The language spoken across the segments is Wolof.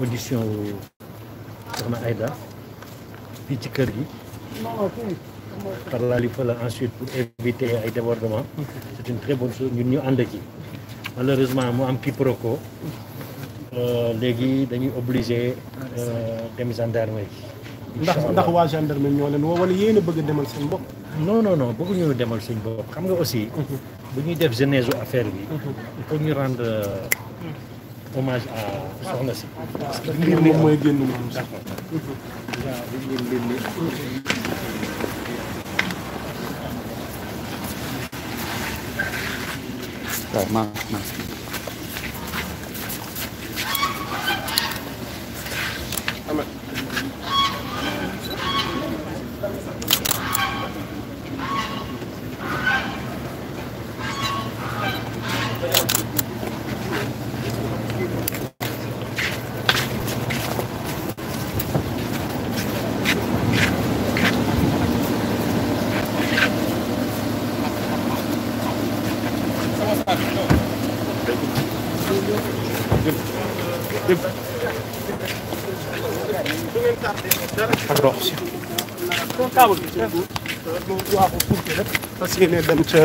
audition wu soxna Aïda fii ci kër gi par la li fa la ensuite pour éviter ay débordement c'est une très bonne chose ñun ñu ànd ci malheureusement mu am quiproquo euh, léegi dañuy obligé euh, dem gendarmerie ndax ndax waa gendarmerie ñoo leen woo wala yéen bëgg demal seen bopp non non non bëgguñu demal seen bopp xam nga aussi mhm. bu ñuy def genèse affaire bi il faut ñu rendre euh, hommage à soxna si. parce que mbir moom mooy génn moom d' accord. waaw maa maa pardon si waaxu purke rek parce que ne dem ca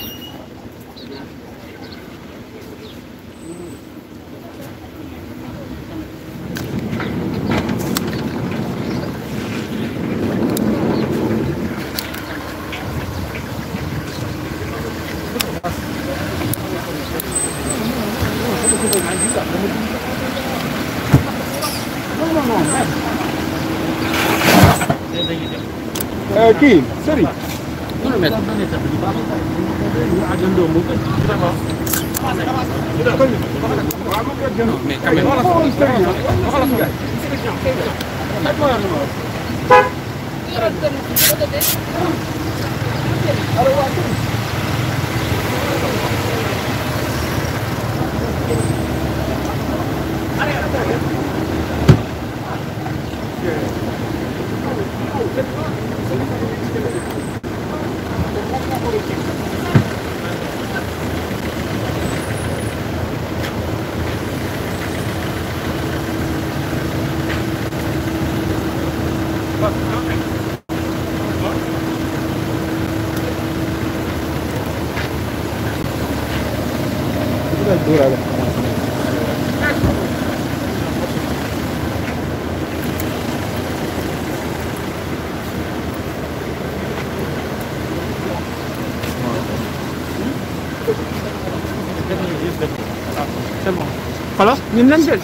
kii sëriñ. dura, dura. xoolal ñun lañ jël.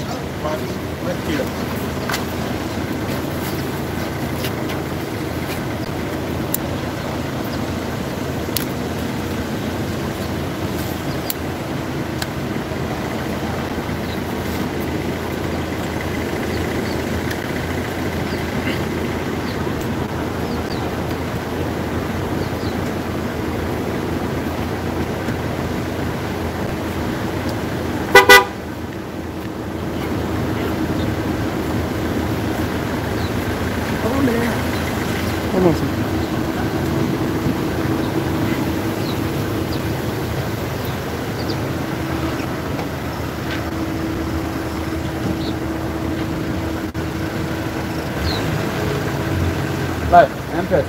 MPS.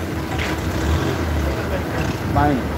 Mine.